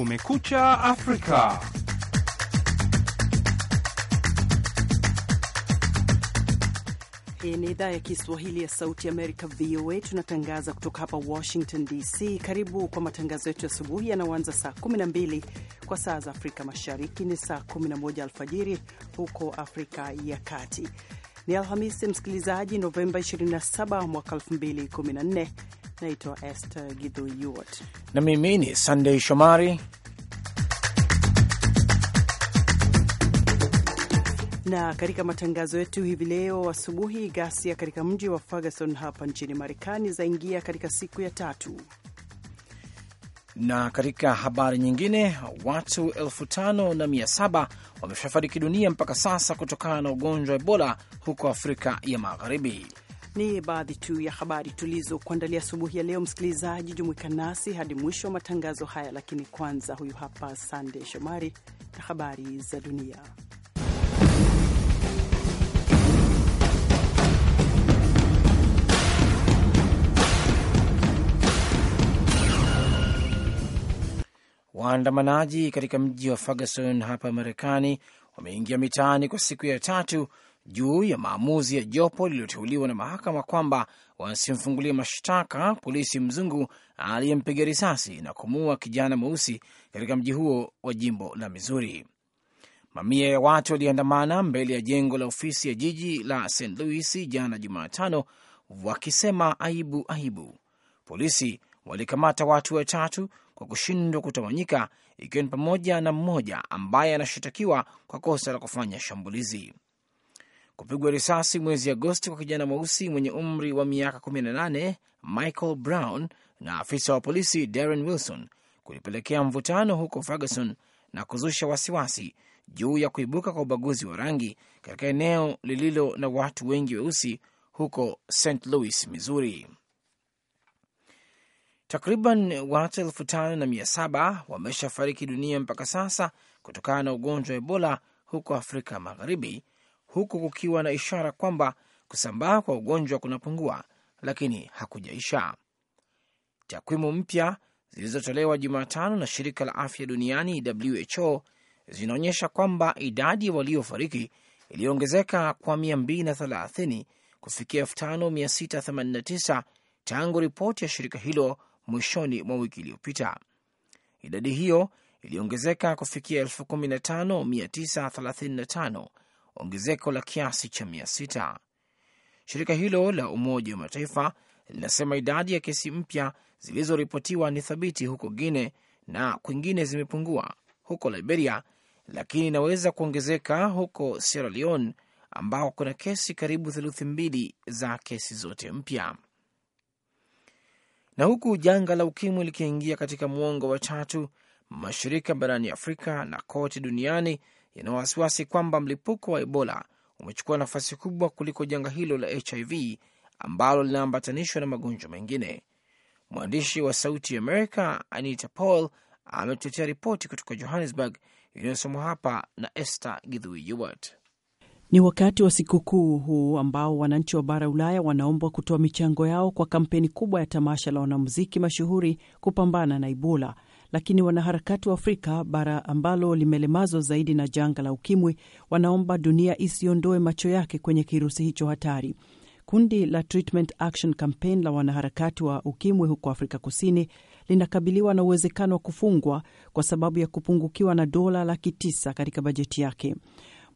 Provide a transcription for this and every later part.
Kumekucha Afrika. Hii ni idhaa ya Kiswahili ya Sauti Amerika, VOA. Tunatangaza kutoka hapa Washington DC. Karibu kwa matangazo yetu ya asubuhi yanayoanza saa 12 kwa saa za Afrika Mashariki, ni saa 11 alfajiri huko Afrika ya Kati. Ni Alhamisi msikilizaji, Novemba 27 mwaka 2014. Naitwa Esther Gidhyuwat na mimi ni sandey Shomari na katika matangazo yetu hivi leo asubuhi, ghasia katika mji wa Ferguson hapa nchini Marekani zaingia katika siku ya tatu. Na katika habari nyingine, watu elfu tano na mia saba wameshafariki dunia mpaka sasa kutokana na ugonjwa wa Ebola huko Afrika ya Magharibi. Ni baadhi tu ya habari tulizokuandalia asubuhi ya leo. Msikilizaji, jumuika nasi hadi mwisho wa matangazo haya, lakini kwanza, huyu hapa Sande Shomari na habari za dunia. Waandamanaji katika mji wa Ferguson hapa Marekani wameingia mitaani kwa siku ya tatu juu ya maamuzi ya jopo lililoteuliwa na mahakama kwamba wasimfungulia mashtaka polisi mzungu aliyempiga risasi na kumuua kijana mweusi katika mji huo wa jimbo la Mizuri. Mamia ya watu waliandamana mbele ya jengo la ofisi ya jiji la St Louis jana Jumatano wakisema aibu, aibu. Polisi walikamata watu watatu kwa kushindwa kutawanyika, ikiwa ni pamoja na mmoja ambaye anashitakiwa kwa kosa la kufanya shambulizi. Kupigwa risasi mwezi Agosti kwa kijana mweusi mwenye umri wa miaka 18 Michael Brown na afisa wa polisi Darren Wilson kulipelekea mvutano huko Ferguson na kuzusha wasiwasi juu ya kuibuka kwa ubaguzi wa rangi katika eneo lililo na watu wengi weusi huko St. Louis, Missouri. Takriban watu elfu tano na mia saba wameshafariki dunia mpaka sasa kutokana na ugonjwa wa Ebola huko Afrika Magharibi, huku kukiwa na ishara kwamba kusambaa kwa ugonjwa kunapungua, lakini hakujaisha. Takwimu mpya zilizotolewa Jumatano na shirika la afya duniani WHO zinaonyesha kwamba idadi ya waliofariki iliyoongezeka kwa 230 kufikia 5689 tangu ripoti ya shirika hilo mwishoni mwa wiki iliyopita. Idadi hiyo iliongezeka kufikia 15935 ongezeko la kiasi cha 6 Shirika hilo la Umoja wa Mataifa linasema idadi ya kesi mpya zilizoripotiwa ni thabiti huko Guine na kwingine zimepungua huko Liberia, lakini inaweza kuongezeka huko Sierra Leone ambako kuna kesi karibu theluthi mbili za kesi zote mpya. Na huku janga la ukimwi likiingia katika mwongo wa tatu, mashirika barani Afrika na kote duniani yana wasiwasi kwamba mlipuko wa Ebola umechukua nafasi kubwa kuliko janga hilo la HIV ambalo linaambatanishwa na magonjwa mengine. Mwandishi wa Sauti ya Amerika Anita Paul ametetea ripoti kutoka Johannesburg inayosomwa hapa na Esther Githui Yuwat. Ni wakati wa sikukuu huu ambao wananchi wa bara Ulaya wanaombwa kutoa michango yao kwa kampeni kubwa ya tamasha la wanamuziki mashuhuri kupambana na Ebola, lakini wanaharakati wa Afrika, bara ambalo limelemazwa zaidi na janga la Ukimwi, wanaomba dunia isiondoe macho yake kwenye kirusi hicho hatari. Kundi la Treatment Action Campaign la wanaharakati wa ukimwi huko Afrika Kusini linakabiliwa na uwezekano wa kufungwa kwa sababu ya kupungukiwa na dola laki tisa katika bajeti yake.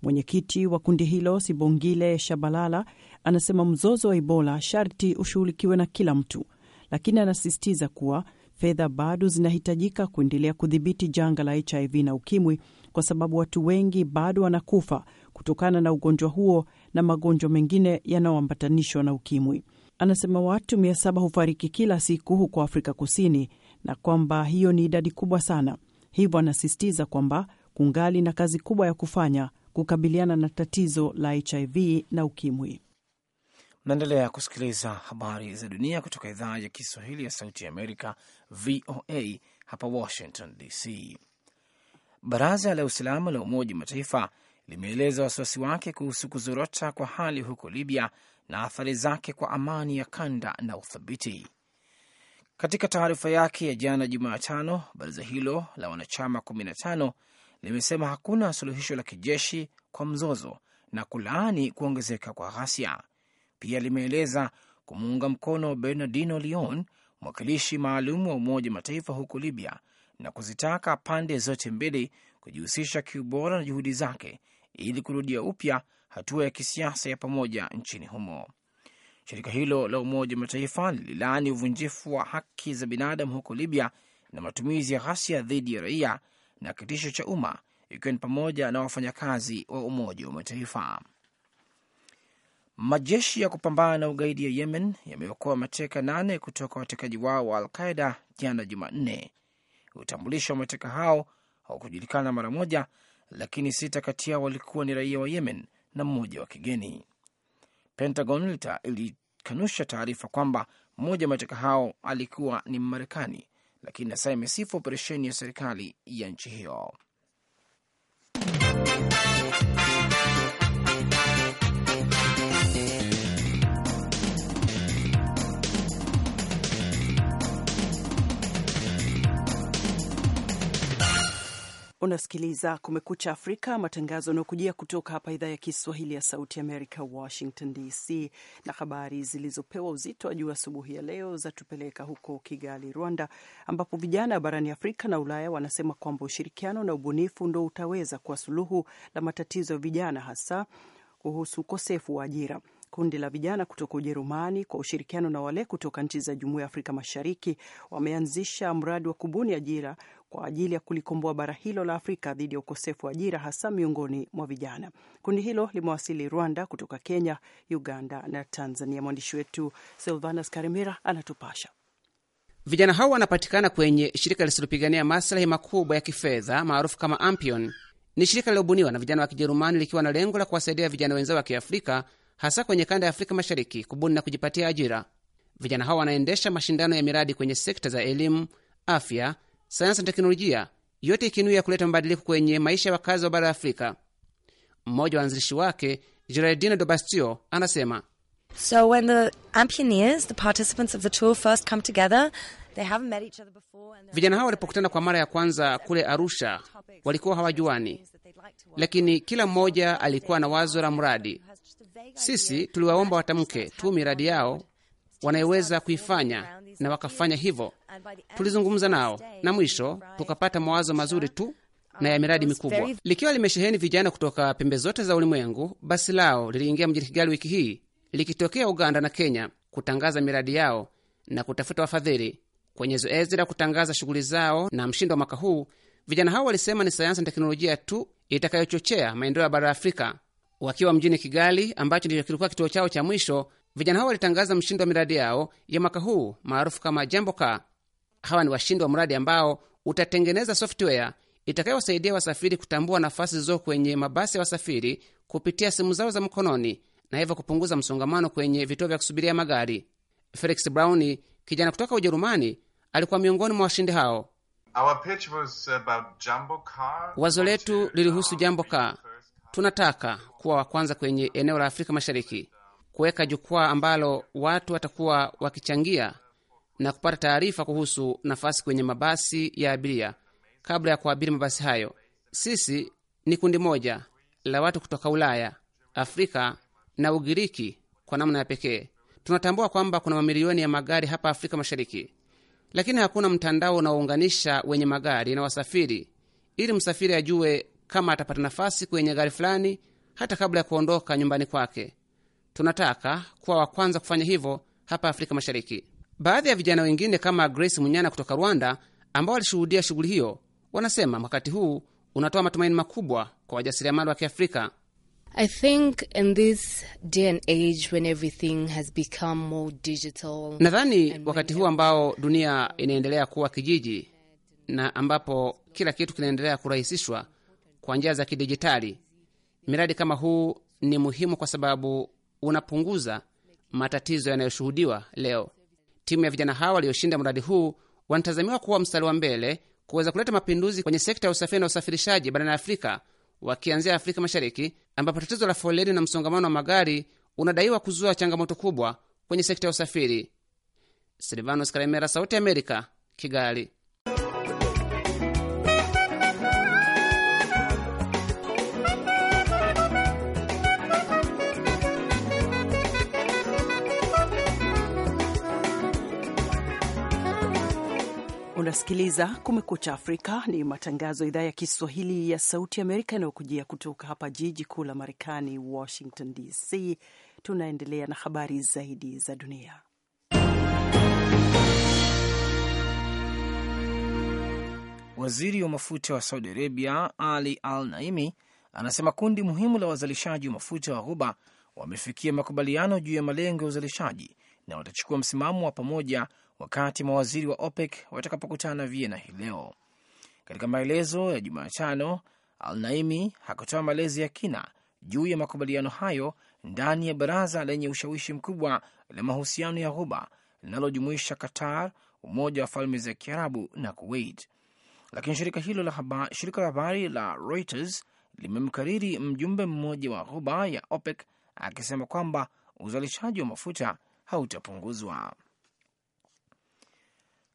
Mwenyekiti wa kundi hilo Sibongile Shabalala anasema mzozo wa Ebola sharti ushughulikiwe na kila mtu, lakini anasisitiza kuwa fedha bado zinahitajika kuendelea kudhibiti janga la HIV na ukimwi kwa sababu watu wengi bado wanakufa kutokana na ugonjwa huo na magonjwa mengine yanayoambatanishwa na ukimwi. Anasema watu mia saba hufariki kila siku huko Afrika Kusini na kwamba hiyo ni idadi kubwa sana. Hivyo anasisitiza kwamba kungali na kazi kubwa ya kufanya kukabiliana na tatizo la HIV na ukimwi. Mnaendelea kusikiliza habari za dunia kutoka idhaa ya Kiswahili ya Sauti ya Amerika, VOA hapa Washington DC. Baraza la Usalama la Umoja wa Mataifa limeeleza wasiwasi wake kuhusu kuzorota kwa hali huko Libya na athari zake kwa amani ya kanda na uthabiti. Katika taarifa yake ya jana Jumatano, baraza hilo la wanachama limesema hakuna suluhisho la kijeshi kwa mzozo na kulaani kuongezeka kwa ghasia. Pia limeeleza kumuunga mkono Bernardino Leon, mwakilishi maalum wa Umoja wa Mataifa huko Libya, na kuzitaka pande zote mbili kujihusisha kiubora na juhudi zake ili kurudia upya hatua ya kisiasa ya pamoja nchini humo. Shirika hilo la Umoja wa Mataifa lililaani uvunjifu wa haki za binadamu huko Libya na matumizi ya ghasia dhidi ya raia na kitisho cha umma ikiwa ni pamoja na wafanyakazi wa Umoja wa Mataifa. Majeshi ya kupambana na ugaidi ya Yemen yameokoa mateka nane kutoka watekaji wao wa Alqaida jana Jumanne. Utambulisho wa mateka hao haukujulikana mara moja, lakini sita kati yao walikuwa ni raia wa Yemen na mmoja wa kigeni. Pentagon ilikanusha taarifa kwamba mmoja wa mateka hao alikuwa ni Mmarekani lakini NASA imesifu operesheni ya serikali ya nchi hiyo. Unasikiliza Kumekucha Afrika, matangazo yanayokujia kutoka hapa idhaa ya Kiswahili ya Sauti Amerika, Washington DC. Na habari zilizopewa uzito wa juu asubuhi ya leo zatupeleka huko Kigali, Rwanda, ambapo vijana barani Afrika na Ulaya wanasema kwamba ushirikiano na ubunifu ndo utaweza kuwa suluhu la matatizo ya vijana, hasa kuhusu ukosefu wa ajira. Kundi la vijana kutoka Ujerumani kwa ushirikiano na wale kutoka nchi za Jumuiya ya Afrika Mashariki wameanzisha mradi wa kubuni ajira kwa ajili ya kulikomboa bara hilo la Afrika dhidi ya ukosefu wa ajira hasa miongoni mwa vijana. Kundi hilo limewasili Rwanda kutoka Kenya, Uganda na Tanzania. Mwandishi wetu Silvanus Karimira anatupasha. Vijana hao wanapatikana kwenye shirika lisilopigania maslahi makubwa ya kifedha maarufu kama Ampion. Ni shirika lilobuniwa na vijana wa Kijerumani likiwa na lengo la kuwasaidia vijana wenzao wa Kiafrika hasa kwenye kanda ya Afrika Mashariki kubuni na kujipatia ajira. Vijana hao wanaendesha mashindano ya miradi kwenye sekta za elimu, afya, sayansi na teknolojia, yote ikinuia kuleta mabadiliko kwenye maisha ya wakazi wa bara la Afrika. Mmoja wa waanzilishi wake Geraldino Do Bastio anasema So when the the participants of the tour first come together, they haven't met each other before and vijana hao walipokutana kwa mara ya kwanza kule Arusha walikuwa hawajuani, lakini kila mmoja alikuwa na wazo la mradi. Sisi tuliwaomba watamke tu miradi yao wanayoweza kuifanya na wakafanya hivyo. Tulizungumza nao na mwisho tukapata mawazo mazuri tu na ya miradi mikubwa. Likiwa limesheheni vijana kutoka pembe zote za ulimwengu, basi lao liliingia mjini Kigali wiki hii likitokea Uganda na Kenya kutangaza miradi yao na kutafuta wafadhili kwenye zoezi la kutangaza shughuli zao. Na mshindo wa mwaka huu, vijana hao walisema ni sayansi na teknolojia tu itakayochochea maendeleo ya bara la Afrika. Wakiwa mjini Kigali ambacho ndicho kilikuwa kituo chao cha mwisho, Vijana hao walitangaza mshindi wa miradi yao ya mwaka huu maarufu kama Jamboka. Hawa ni washindi wa mradi ambao utatengeneza software itakayowasaidia wasafiri kutambua nafasi zilizo kwenye mabasi ya wasafiri kupitia simu zao za mkononi na hivyo kupunguza msongamano kwenye vituo vya kusubiria magari. Felix Brown, kijana kutoka Ujerumani, alikuwa miongoni mwa washindi hao. Wazo letu lilihusu Jambo ka, Tunataka kuwa wa kwanza kwenye eneo la Afrika Mashariki kuweka jukwaa ambalo watu watakuwa wakichangia na kupata taarifa kuhusu nafasi kwenye mabasi ya abiria kabla ya kuabiri mabasi hayo. Sisi ni kundi moja la watu kutoka Ulaya, Afrika na Ugiriki. Kwa namna ya pekee tunatambua kwamba kuna mamilioni ya magari hapa Afrika Mashariki, lakini hakuna mtandao unaounganisha wenye magari na wasafiri, ili msafiri ajue kama atapata nafasi kwenye gari fulani hata kabla ya kuondoka nyumbani kwake tunataka kuwa wa kwanza kufanya hivyo hapa Afrika Mashariki. Baadhi ya vijana wengine kama Grace Munyana kutoka Rwanda, ambao walishuhudia shughuli hiyo, wanasema mwakati huu unatoa matumaini makubwa kwa wajasiriamali wa Kiafrika. I think in this day and age when everything has become more digital. Nadhani wakati huu ambao dunia inaendelea kuwa kijiji na ambapo kila kitu kinaendelea kurahisishwa kwa njia za kidijitali, miradi kama huu ni muhimu kwa sababu unapunguza matatizo yanayoshuhudiwa leo. Timu ya vijana hawa walioshinda mradi huu wanatazamiwa kuwa mstari wa mbele kuweza kuleta mapinduzi kwenye sekta ya usafiri na usafirishaji barani Afrika, wakianzia Afrika Mashariki, ambapo tatizo la foleni na msongamano wa magari unadaiwa kuzua changamoto kubwa kwenye sekta ya usafiri. Silvanos Karemera, Sauti ya Amerika, Kigali. Unasikiliza Kumekucha Afrika, ni matangazo ya idhaa ya Kiswahili ya Sauti Amerika yanayokujia kutoka hapa jiji kuu la Marekani, Washington DC. Tunaendelea na habari zaidi za dunia. Waziri wa mafuta wa Saudi Arabia Ali Al Naimi anasema kundi muhimu la wazalishaji wa mafuta wa Ghuba wamefikia makubaliano juu ya malengo ya uzalishaji na watachukua msimamo wa pamoja wakati mawaziri wa OPEC watakapokutana Vienna hii leo. Katika maelezo ya Jumatano, Al Naimi hakutoa maelezo ya kina juu ya makubaliano hayo ndani ya baraza lenye ushawishi mkubwa la mahusiano ya Ghuba linalojumuisha Qatar, Umoja wa Falme za Kiarabu na Kuwait, lakini shirika hilo la habari, shirika la habari la Reuters limemkariri mjumbe mmoja wa Ghuba ya OPEC akisema kwamba uzalishaji wa mafuta hautapunguzwa.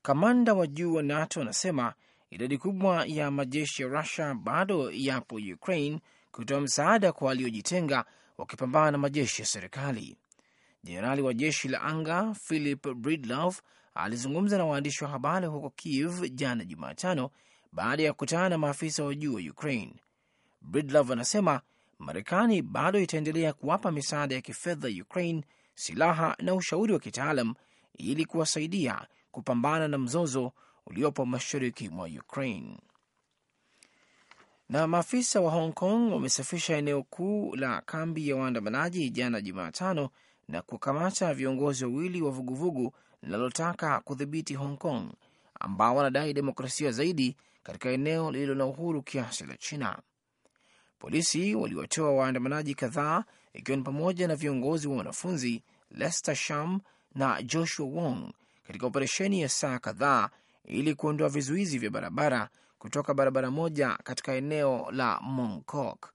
Kamanda wa juu wa NATO anasema idadi kubwa ya majeshi ya Rusia bado yapo Ukraine kutoa msaada kwa waliojitenga wakipambana na majeshi ya serikali. Jenerali wa jeshi la anga Philip Bridlov alizungumza na waandishi wa habari huko Kiev jana Jumatano baada ya kukutana na maafisa wa juu wa Ukraine. Bridlov anasema Marekani bado itaendelea kuwapa misaada ya kifedha Ukraine, silaha na ushauri wa kitaalam ili kuwasaidia kupambana na mzozo uliopo mashariki mwa Ukraine. Na maafisa wa Hong Kong wamesafisha eneo kuu la kambi ya waandamanaji jana Jumatano na kukamata viongozi wawili wa vuguvugu linalotaka kudhibiti Hong Kong ambao wanadai demokrasia zaidi katika eneo lililo na uhuru kiasi la China. Polisi waliwatoa waandamanaji kadhaa ikiwa ni pamoja na viongozi wa wanafunzi Lester Sham na Joshua Wong katika operesheni ya saa kadhaa ili kuondoa vizuizi vya barabara kutoka barabara moja katika eneo la Mongkok.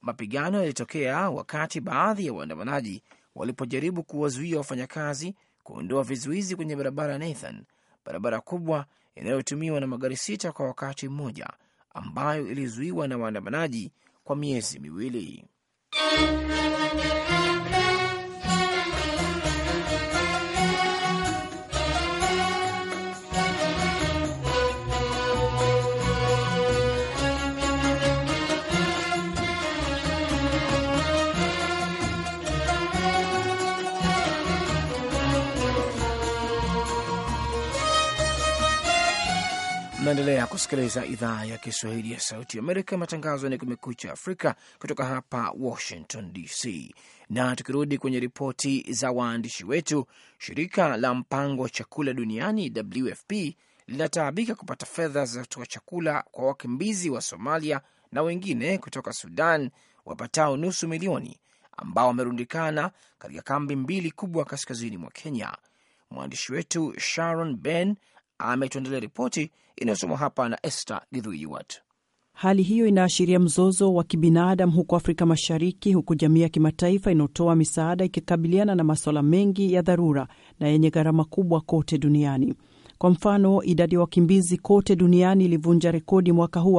Mapigano yalitokea wakati baadhi ya waandamanaji walipojaribu kuwazuia wafanyakazi kuondoa vizuizi kwenye barabara Nathan, barabara kubwa inayotumiwa na magari sita kwa wakati mmoja, ambayo ilizuiwa na waandamanaji kwa miezi miwili. Naendelea kusikiliza idhaa ya Kiswahili ya Sauti Amerika. Matangazo ni Kumekucha Afrika kutoka hapa Washington DC. Na tukirudi kwenye ripoti za waandishi wetu, shirika la mpango wa chakula duniani WFP linataabika kupata fedha za kutoa chakula kwa wakimbizi wa Somalia na wengine kutoka Sudan wapatao nusu milioni ambao wamerundikana katika kambi mbili kubwa kaskazini mwa Kenya. Mwandishi wetu Sharon Ben ametuandalia ripoti inayosomwa hapa na Esther Githuiwat. Hali hiyo inaashiria mzozo wa kibinadamu huko Afrika Mashariki, huku jamii ya kimataifa inayotoa misaada ikikabiliana na masuala mengi ya dharura na yenye gharama kubwa kote duniani. Kwa mfano, idadi ya wakimbizi kote duniani ilivunja rekodi mwaka huu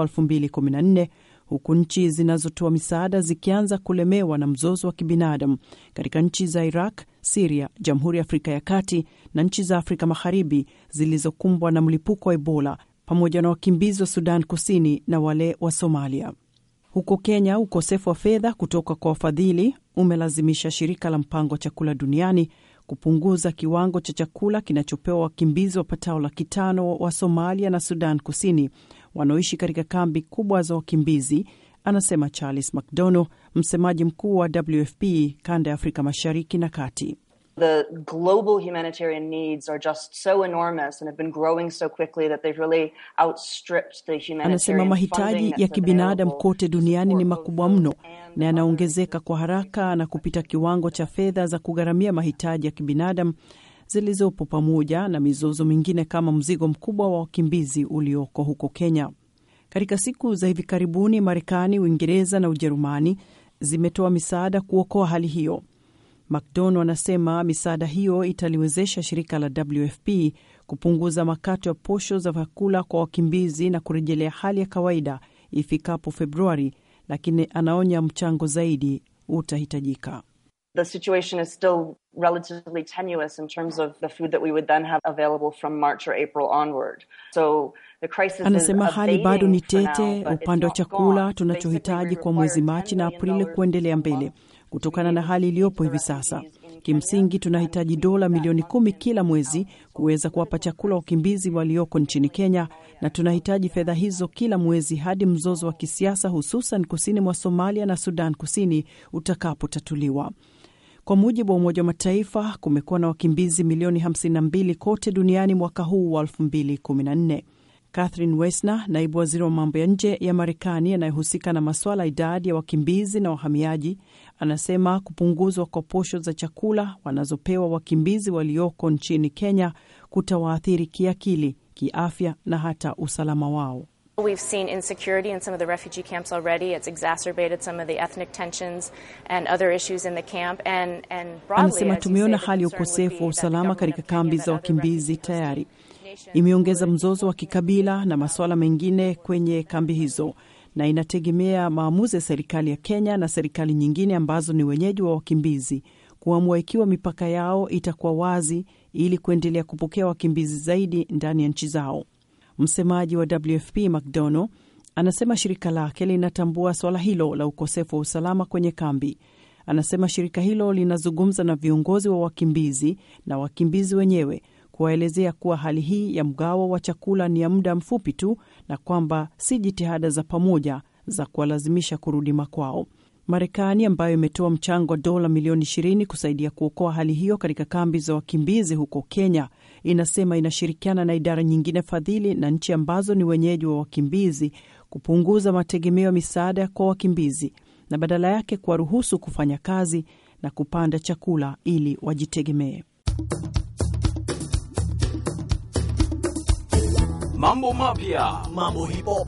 huku nchi zinazotoa misaada zikianza kulemewa na mzozo wa kibinadamu katika nchi za Iraq, Siria, Jamhuri ya Afrika ya Kati na nchi za Afrika Magharibi zilizokumbwa na mlipuko wa Ebola, pamoja na wakimbizi wa Sudan Kusini na wale wa Somalia. Huko Kenya, ukosefu wa fedha kutoka kwa wafadhili umelazimisha shirika la mpango wa chakula duniani kupunguza kiwango cha chakula kinachopewa wakimbizi wapatao laki tano wa Somalia na Sudan Kusini wanaoishi katika kambi kubwa za wakimbizi, anasema Charles McDonough, msemaji mkuu wa WFP kanda ya Afrika Mashariki na Kati. The global humanitarian needs are just so enormous and have been growing so quickly that they've really outstripped the humanitarian. Anasema mahitaji ya kibinadamu kote duniani ni makubwa mno na yanaongezeka kwa haraka na kupita kiwango cha fedha za kugharamia mahitaji ya kibinadamu zilizopo pamoja na mizozo mingine kama mzigo mkubwa wa wakimbizi ulioko huko Kenya. Katika siku za hivi karibuni, Marekani, Uingereza na Ujerumani zimetoa misaada kuokoa hali hiyo. McDon anasema misaada hiyo italiwezesha shirika la WFP kupunguza makato ya posho za vyakula kwa wakimbizi na kurejelea hali ya kawaida ifikapo Februari, lakini anaonya mchango zaidi utahitajika the situation is still relatively tenuous in terms of the food that we would then have available from March or April onward. So the crisis anasema hali bado ni tete upande wa chakula tunachohitaji kwa mwezi Machi na Aprili kuendelea mbele kutokana na hali iliyopo hivi sasa. Kimsingi tunahitaji dola milioni kumi kila mwezi kuweza kuwapa chakula wakimbizi walioko nchini Kenya, na tunahitaji fedha hizo kila mwezi hadi mzozo wa kisiasa hususan kusini mwa Somalia na Sudan Kusini utakapotatuliwa. Kwa mujibu wa Umoja wa Mataifa, kumekuwa na wakimbizi milioni 52 kote duniani mwaka huu wa 2014. Catherine Wesner, naibu waziri wa mambo ya nje ya Marekani anayehusika na masuala ya idadi ya wakimbizi na wahamiaji, anasema kupunguzwa kwa posho za chakula wanazopewa wakimbizi walioko nchini Kenya kutawaathiri kiakili, kiafya na hata usalama wao. We've seen insecurity in some of the refugee camps already. It's exacerbated some of the ethnic tensions and other issues in the camp and, and broadly, anasema tumeona hali ya ukosefu wa usalama katika kambi za wakimbizi tayari imeongeza mzozo wa kikabila na masuala mengine kwenye kambi hizo na inategemea maamuzi ya serikali ya Kenya na serikali nyingine ambazo ni wenyeji wa wakimbizi kuamua ikiwa mipaka yao itakuwa wazi ili kuendelea kupokea wakimbizi zaidi ndani ya nchi zao. Msemaji wa WFP McDonough anasema shirika lake linatambua suala hilo la ukosefu wa usalama kwenye kambi. Anasema shirika hilo linazungumza na viongozi wa wakimbizi na wakimbizi wenyewe kuwaelezea kuwa hali hii ya mgawo wa chakula ni ya muda mfupi tu na kwamba si jitihada za pamoja za kuwalazimisha kurudi makwao. Marekani ambayo imetoa mchango wa dola milioni 20 kusaidia kuokoa hali hiyo katika kambi za wakimbizi huko Kenya inasema inashirikiana na idara nyingine fadhili na nchi ambazo ni wenyeji wa wakimbizi kupunguza mategemeo ya misaada kwa wakimbizi na badala yake kuwaruhusu kufanya kazi na kupanda chakula ili wajitegemee. Mambo mapya, mambo hip hop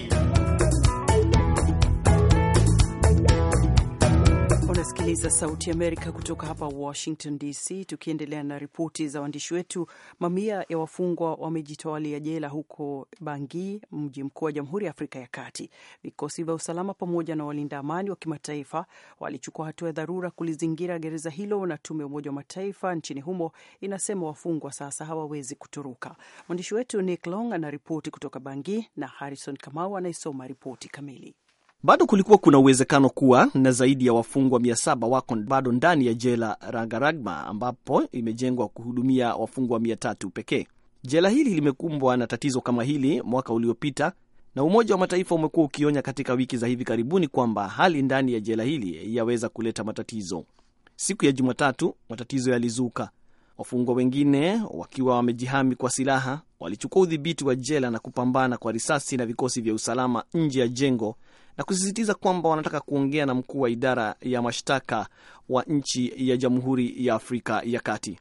unasikiliza Sauti Amerika kutoka hapa Washington DC. Tukiendelea na ripoti za waandishi wetu, mamia ya wafungwa wamejitawalia jela huko bangi mji mkuu wa Jamhuri ya Afrika ya Kati. Vikosi vya usalama pamoja na walinda amani wa kimataifa walichukua hatua ya dharura kulizingira gereza hilo, na tume ya Umoja wa Mataifa nchini humo inasema wafungwa sasa hawawezi kutoroka. Mwandishi wetu Nick Long anaripoti kutoka bangi na Harrison Kamau anayesoma ripoti kamili. Bado kulikuwa kuna uwezekano kuwa na zaidi ya wafungwa 7 wako bado ndani ya jela ragaragma ambapo imejengwa kuhudumia wafungwa 300 pekee. Jela hili limekumbwa na tatizo kama hili mwaka uliopita na Umoja wa Mataifa umekuwa ukionya katika wiki za hivi karibuni kwamba hali ndani ya jela hili yaweza kuleta matatizo. Siku ya Jumatatu matatizo yalizuka. Wafungwa wengine wakiwa wamejihami kwa silaha walichukua udhibiti wa jela na kupambana kwa risasi na vikosi vya usalama nje ya jengo na kusisitiza kwamba wanataka kuongea na mkuu wa idara ya mashtaka wa nchi ya Jamhuri ya Afrika ya Kati.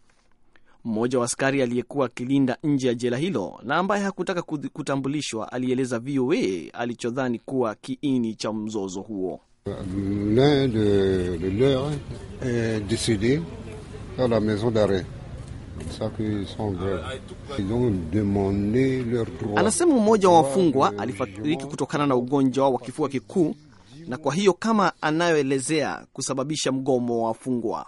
Mmoja wa askari aliyekuwa akilinda nje ya jela hilo na ambaye hakutaka kutambulishwa alieleza VOA alichodhani kuwa kiini cha mzozo huo. Le, le, le, le, Anasema mmoja wa wafungwa alifariki kutokana na ugonjwa wa kifua kikuu, na kwa hiyo kama anayoelezea kusababisha mgomo wa wafungwa.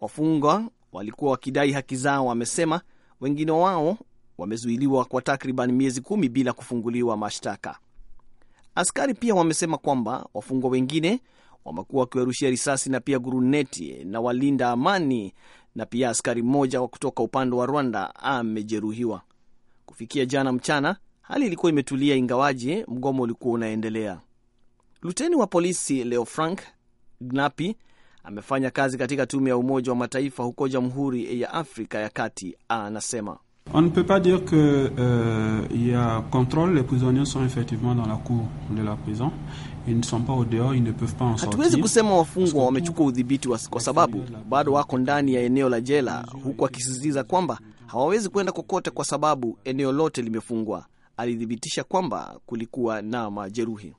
Wafungwa walikuwa wakidai haki zao, wamesema. Wengine wao wamezuiliwa kwa takriban miezi kumi bila kufunguliwa mashtaka. Askari pia wamesema kwamba wafungwa wengine wamekuwa wakiwarushia risasi na pia guruneti na walinda amani na pia askari mmoja wa kutoka upande wa Rwanda amejeruhiwa. Kufikia jana mchana, hali ilikuwa imetulia, ingawaje mgomo ulikuwa unaendelea. Luteni wa polisi Leo Frank Gnapi amefanya kazi katika tume ya Umoja wa Mataifa huko Jamhuri ya Afrika ya Kati, anasema On ne peut pas dire que, uh, y a contrôle, les prisonniers sont effectivement dans la cour de la prison. Hatuwezi kusema wafungwa wamechukua udhibiti wa kwa sababu bado wako ndani ya eneo la jela, huku akisisitiza kwamba hawawezi kwenda kokote kwa sababu eneo lote limefungwa. Alithibitisha kwamba kulikuwa na majeruhi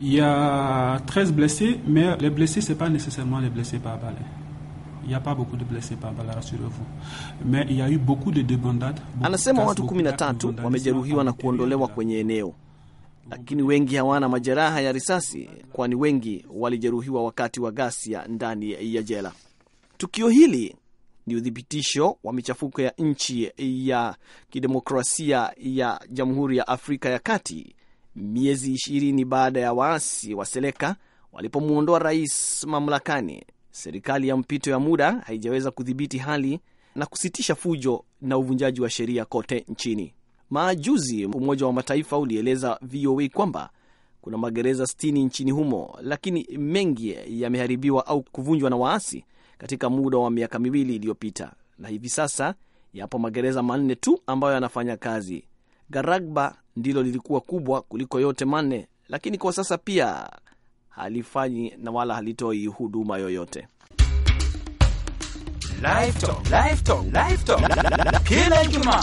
Il y a 13 blessés, mais les blessés, c'est pas nécessairement les blessés par balle. Il y a pas beaucoup de blessés par balle, rassurez-vous. Mais il y a eu beaucoup de débandades. Anasema watu 13 wamejeruhiwa na kuondolewa kwenye eneo lakini wengi hawana majeraha ya risasi, kwani wengi walijeruhiwa wakati wa ghasia ndani ya jela. Tukio hili ni uthibitisho wa michafuko ya nchi ya kidemokrasia ya Jamhuri ya Afrika ya Kati, miezi ishirini baada ya waasi wa Seleka walipomwondoa rais mamlakani. Serikali ya mpito ya muda haijaweza kudhibiti hali na kusitisha fujo na uvunjaji wa sheria kote nchini. Majuzi Umoja wa Mataifa ulieleza VOA kwamba kuna magereza 60 nchini humo, lakini mengi yameharibiwa au kuvunjwa na waasi katika muda wa miaka miwili iliyopita, na hivi sasa yapo magereza manne tu ambayo yanafanya kazi. Garagba ndilo lilikuwa kubwa kuliko yote manne, lakini kwa sasa pia halifanyi na wala halitoi huduma yoyote. Live talk, live talk, live talk. Kila Ijumaa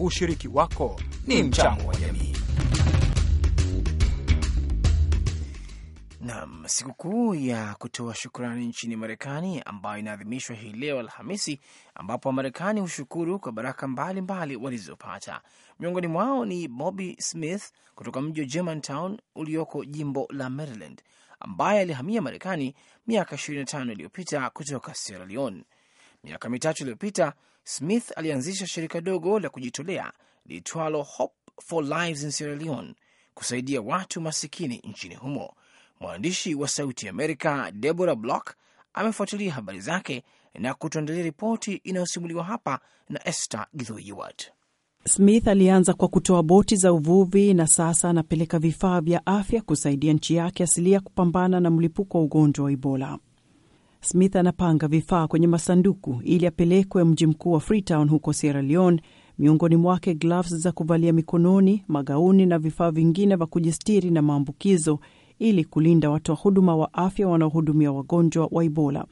Ushiriki wako ni mchango wa jamii. Nam, sikukuu ya kutoa shukrani nchini Marekani ambayo inaadhimishwa hii leo Alhamisi, ambapo Wamarekani hushukuru kwa baraka mbalimbali walizopata. Miongoni mwao ni Bobby Smith kutoka mji wa Germantown ulioko jimbo la Maryland, ambaye alihamia Marekani miaka 25 iliyopita kutoka Sierra Leone. Miaka mitatu iliyopita Smith alianzisha shirika dogo la kujitolea liitwalo Hope for Lives in Sierra Leone kusaidia watu masikini nchini humo. Mwandishi wa Sauti Amerika Deborah Block amefuatilia habari zake na kutuandalia ripoti inayosimuliwa hapa na Esther Githoiwat. Smith alianza kwa kutoa boti za uvuvi na sasa anapeleka vifaa vya afya kusaidia nchi yake asilia kupambana na mlipuko wa ugonjwa wa Ebola. Smith anapanga vifaa kwenye masanduku ili apelekwe mji mkuu wa Freetown huko Sierra Leone, miongoni mwake gloves za kuvalia mikononi, magauni na vifaa vingine vya kujistiri na maambukizo ili kulinda watoa huduma wa afya wanaohudumia wagonjwa wa Ebola.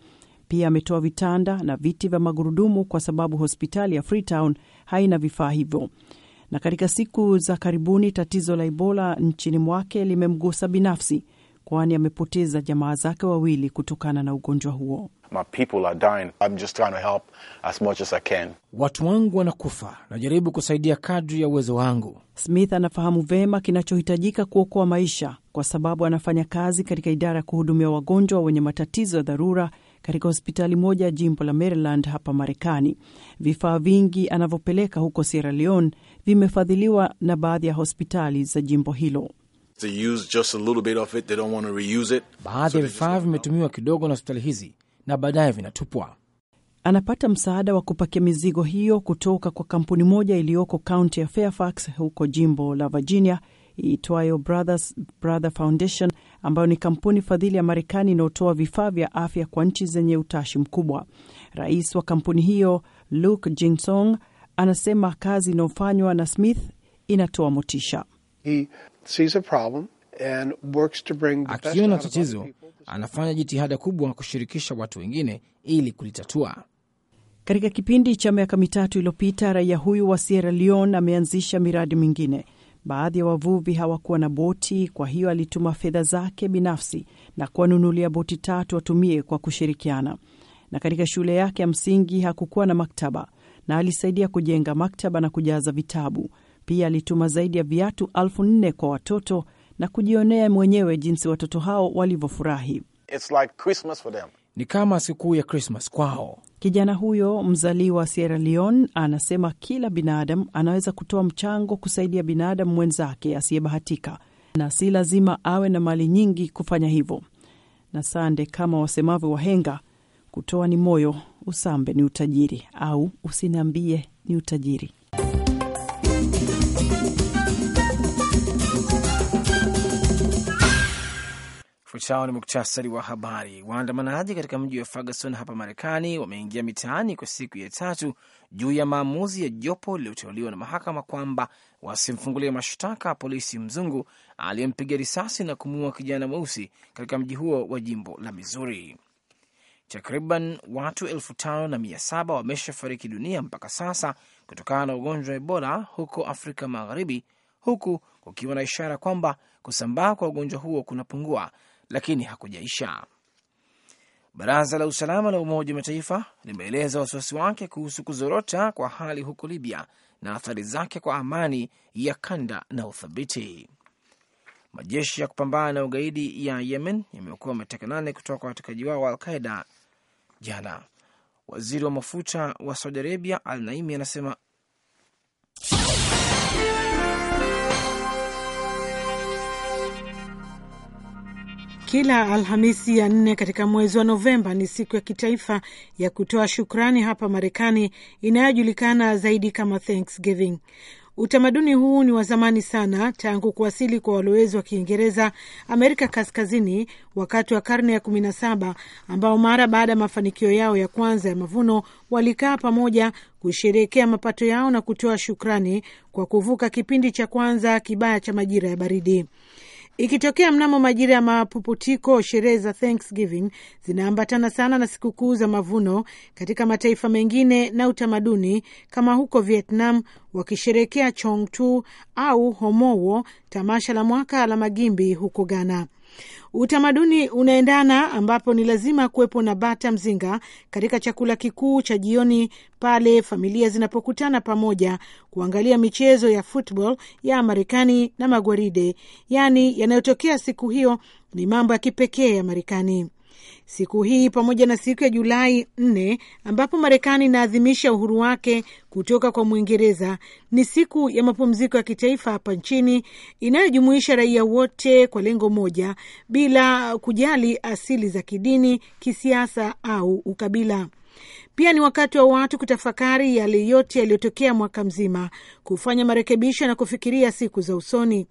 Pia ametoa vitanda na viti vya magurudumu kwa sababu hospitali ya Freetown haina vifaa hivyo. Na katika siku za karibuni tatizo la Ebola nchini mwake limemgusa binafsi kwani amepoteza jamaa zake wawili kutokana na ugonjwa huo. Watu wangu wanakufa, najaribu kusaidia kadri ya uwezo wangu. Smith anafahamu vema kinachohitajika kuokoa maisha, kwa sababu anafanya kazi katika idara ya kuhudumia wagonjwa wenye matatizo ya dharura katika hospitali moja ya jimbo la Maryland hapa Marekani. Vifaa vingi anavyopeleka huko Sierra Leone vimefadhiliwa na baadhi ya hospitali za jimbo hilo. Baadhi ya vifaa vimetumiwa kidogo na hospitali hizi na baadaye vinatupwa. Anapata msaada wa kupakia mizigo hiyo kutoka kwa kampuni moja iliyoko kaunti ya Fairfax huko jimbo la Virginia iitwayo Brothers Brother Foundation ambayo ni kampuni fadhili ya Marekani inayotoa vifaa vya afya kwa nchi zenye utashi mkubwa. Rais wa kampuni hiyo Luke Jinsong anasema kazi inayofanywa na Smith inatoa motisha. He Akiona tatizo, anafanya jitihada kubwa kushirikisha watu wengine ili kulitatua. Katika kipindi cha miaka mitatu iliyopita, raia huyu wa Sierra leon ameanzisha miradi mingine. Baadhi ya wa wavuvi hawakuwa na boti, kwa hiyo alituma fedha zake binafsi na kuwanunulia boti tatu watumie kwa kushirikiana. Na katika shule yake ya msingi hakukuwa na maktaba, na alisaidia kujenga maktaba na kujaza vitabu pia alituma zaidi ya viatu elfu nne kwa watoto na kujionea mwenyewe jinsi watoto hao walivyofurahi. Like ni kama sikukuu ya Krismas kwao. Kijana huyo mzaliwa wa Sierra Leone anasema kila binadamu anaweza kutoa mchango kusaidia binadamu mwenzake asiyebahatika, na si lazima awe na mali nyingi kufanya hivyo. Na sande, kama wasemavyo wahenga, kutoa ni moyo, usambe ni utajiri, au usiniambie ni utajiri. Ufuatao ni muktasari wa habari. Waandamanaji katika mji wa Ferguson hapa Marekani wameingia mitaani kwa siku ya tatu juu ya maamuzi ya jopo lililoteuliwa na mahakama kwamba wasimfungulie mashtaka polisi mzungu aliyempiga risasi na kumuua kijana mweusi katika mji huo wa jimbo la Missouri. Takriban watu elfu tano na mia saba wameshafariki dunia mpaka sasa kutokana na ugonjwa wa Ebola huko Afrika Magharibi, huku kukiwa na ishara kwamba kusambaa kwa ugonjwa huo kunapungua lakini hakujaisha. Baraza la usalama la Umoja wa Mataifa limeeleza wasiwasi wake kuhusu kuzorota kwa hali huko Libya na athari zake kwa amani ya kanda na uthabiti. Majeshi ya kupambana na ugaidi ya Yemen yameokoa mateka nane kutoka kwa watekaji wao wa Alqaida jana. Waziri wa mafuta wa Saudi Arabia Al Naimi anasema Kila Alhamisi ya nne katika mwezi wa Novemba ni siku ya kitaifa ya kutoa shukrani hapa Marekani, inayojulikana zaidi kama Thanksgiving. Utamaduni huu ni wa zamani sana, tangu kuwasili kwa walowezi wa Kiingereza Amerika Kaskazini wakati wa karne ya 17, ambao mara baada ya mafanikio yao ya kwanza ya mavuno walikaa pamoja kusherehekea mapato yao na kutoa shukrani kwa kuvuka kipindi cha kwanza kibaya cha majira ya baridi. Ikitokea mnamo majira ya mapuputiko, sherehe za Thanksgiving zinaambatana sana na sikukuu za mavuno katika mataifa mengine na utamaduni, kama huko Vietnam wakisherekea Chong Tu au Homowo, tamasha la mwaka la magimbi huko Ghana. Utamaduni unaendana ambapo ni lazima kuwepo na bata mzinga katika chakula kikuu cha jioni pale familia zinapokutana pamoja kuangalia michezo ya football ya Marekani na magwaride, yaani yanayotokea siku hiyo ni mambo ya kipekee ya Marekani. Siku hii pamoja na siku ya Julai nne ambapo Marekani inaadhimisha uhuru wake kutoka kwa Mwingereza ni siku ya mapumziko ya kitaifa hapa nchini inayojumuisha raia wote kwa lengo moja bila kujali asili za kidini, kisiasa au ukabila. Pia ni wakati wa watu kutafakari yale yote yaliyotokea mwaka mzima, kufanya marekebisho na kufikiria siku za usoni.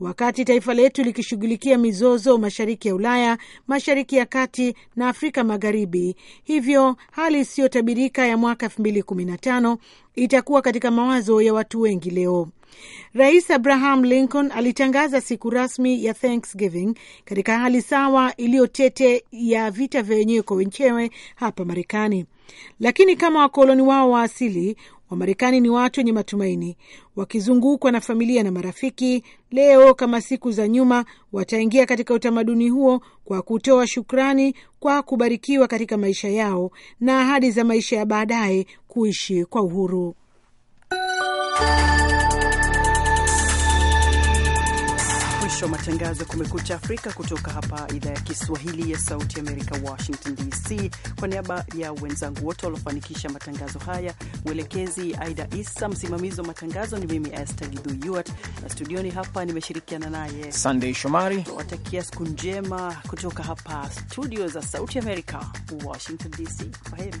Wakati taifa letu likishughulikia mizozo mashariki ya Ulaya, mashariki ya kati na Afrika Magharibi, hivyo hali isiyotabirika ya mwaka 2015 itakuwa katika mawazo ya watu wengi leo. Rais Abraham Lincoln alitangaza siku rasmi ya Thanksgiving katika hali sawa iliyotete ya vita vya wenyewe kwa wenyewe hapa Marekani, lakini kama wakoloni wao wa asili Wamarekani ni watu wenye matumaini, wakizungukwa na familia na marafiki. Leo kama siku za nyuma, wataingia katika utamaduni huo kwa kutoa shukrani kwa kubarikiwa katika maisha yao na ahadi za maisha ya baadaye, kuishi kwa uhuru mwisho wa matangazo ya Kumekucha Afrika kutoka hapa idhaa ya Kiswahili ya Sauti Amerika, Washington DC. Kwa niaba ya wenzangu wote waliofanikisha matangazo haya, mwelekezi Aida Issa, msimamizi wa matangazo ni mimi Esther Giduyuat, na studioni hapa nimeshirikiana naye Sunday Shomari. Watakia siku njema kutoka hapa studio za Sauti Amerika, Washington DC. heri.